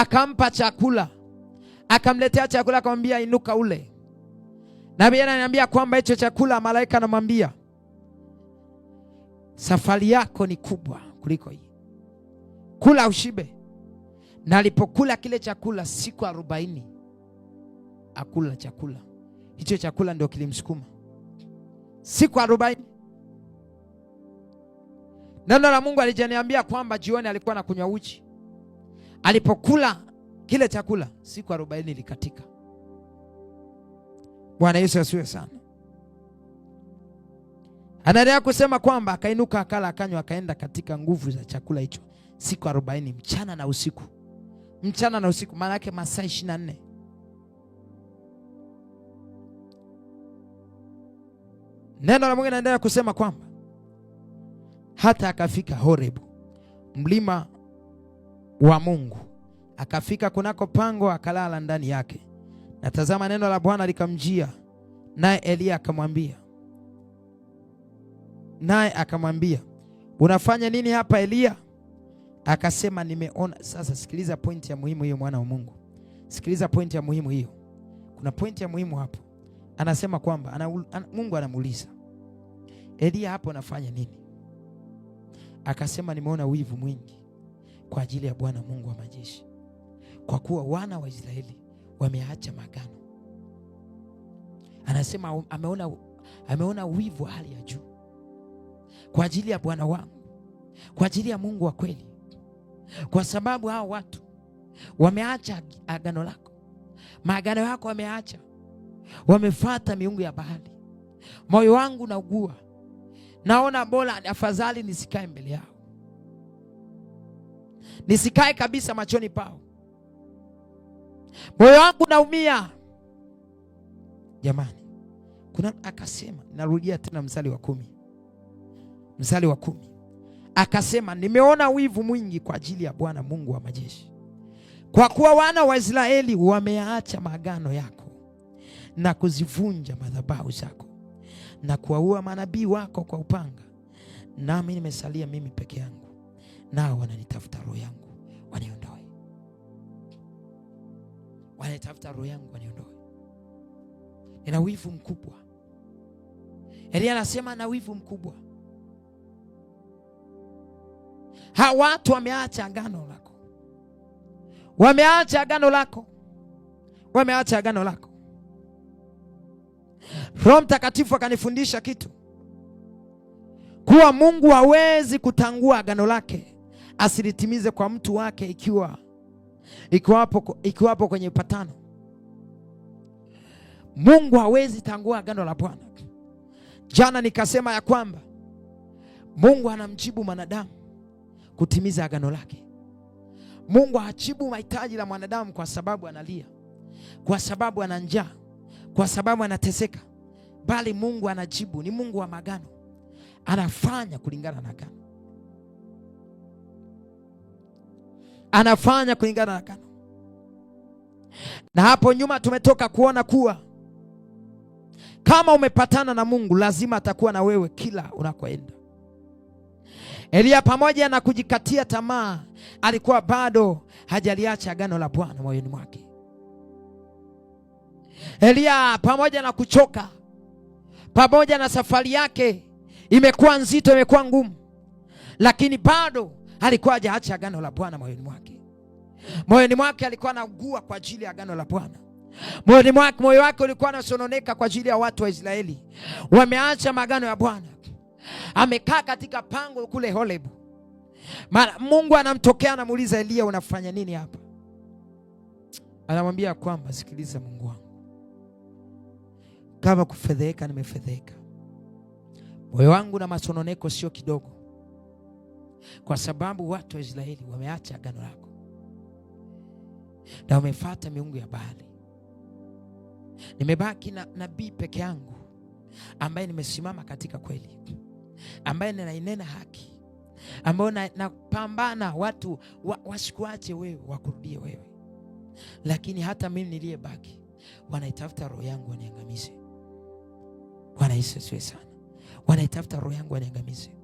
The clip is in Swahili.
akampa chakula, akamletea chakula, akamwambia inuka ule. Na Biblia kwamba hicho chakula, malaika anamwambia safari yako ni kubwa kuliko hii, kula ushibe. Na alipokula kile chakula siku arobaini akula chakula hicho, chakula ndio kilimsukuma siku arobaini. Neno la Mungu alijaniambia kwamba jioni alikuwa na kunywa Alipokula kile chakula, siku arobaini ilikatika. Bwana Yesu asiwe sana. Anaendelea kusema kwamba akainuka, akala, akanywa, akaenda katika nguvu za chakula hicho siku arobaini, mchana na usiku, mchana na usiku, maana yake masaa ishirini na nne. Neno la Mungu linaendelea kusema kwamba hata akafika Horebu, mlima wa Mungu. Akafika kunako pango akalala ndani yake, na tazama, neno la Bwana likamjia naye Eliya akamwambia, naye akamwambia, unafanya nini hapa Eliya? Akasema, nimeona. Sasa sikiliza pointi ya muhimu hiyo, mwana wa Mungu, sikiliza pointi ya muhimu hiyo. Kuna pointi ya muhimu hapo. Anasema kwamba ana, an, Mungu anamuuliza Eliya, hapo unafanya nini? Akasema, nimeona wivu mwingi kwa ajili ya Bwana Mungu wa majeshi, kwa kuwa wana wa Israeli wameacha magano. Anasema ameona, ameona wivu wa hali ya juu kwa ajili ya Bwana wangu, kwa ajili ya Mungu wa kweli, kwa sababu hao watu wameacha agano lako, maagano yako wameacha, wamefuata miungu ya bahari. Moyo wangu naugua, naona bora afadhali nisikae mbele yao nisikae kabisa machoni pao, moyo wangu naumia. Jamani, kuna akasema, narudia tena mstari wa kumi, mstari wa kumi akasema, nimeona wivu mwingi kwa ajili ya Bwana Mungu wa majeshi, kwa kuwa wana wa Israeli wameacha maagano yako na kuzivunja madhabahu zako na kuwaua manabii wako kwa upanga, nami nimesalia mimi peke yangu nao wananitafuta roho yangu waniondoe, wananitafuta roho yangu waniondoe. Nina wivu mkubwa. Elia anasema na wivu mkubwa. Hawa watu wameacha agano lako, wameacha agano lako, wameacha agano lako. Roho Mtakatifu akanifundisha kitu kuwa Mungu hawezi kutangua agano lake asilitimize kwa mtu wake ikiwa ikiwapo, ikiwapo kwenye patano. Mungu hawezi tangua agano la Bwana. Jana nikasema ya kwamba Mungu anamjibu mwanadamu kutimiza agano lake. Mungu hajibu mahitaji la mwanadamu kwa sababu analia, kwa sababu ana njaa, kwa sababu anateseka, bali Mungu anajibu. Ni Mungu wa magano, anafanya kulingana na agano. anafanya kulingana na kanuni. Na hapo nyuma tumetoka kuona kuwa kama umepatana na Mungu lazima atakuwa na wewe kila unakoenda. Eliya pamoja na kujikatia tamaa, alikuwa bado hajaliacha agano la Bwana moyoni mwake. Eliya pamoja na kuchoka, pamoja na safari yake imekuwa nzito, imekuwa ngumu, lakini bado alikuwa hajaacha agano la Bwana moyoni mwake? Moyoni mwake alikuwa anaugua kwa ajili ya agano la Bwana. Moyoni mwake, moyo wake ulikuwa unasononeka kwa ajili ya watu wa Israeli, wameacha magano ya Bwana. Amekaa katika pango kule Horebu, Mungu anamtokea anamuuliza Eliya, unafanya nini hapa? Anamwambia kwamba sikiliza, Mungu wangu, kama kufedheheka nimefedheheka, moyo wangu na masononeko sio kidogo kwa sababu watu wa Israeli wameacha agano lako na wamefuata miungu ya Baali. Nimebaki na nabii peke yangu ambaye nimesimama katika kweli, ambaye ninainena haki, ambayo napambana watu wa, wasikuache wewe, wakurudie wewe. Lakini hata mimi niliyebaki wanaitafuta roho yangu waniangamize. Bwana Yesu asiwe sana, wanaitafuta roho yangu waniangamize.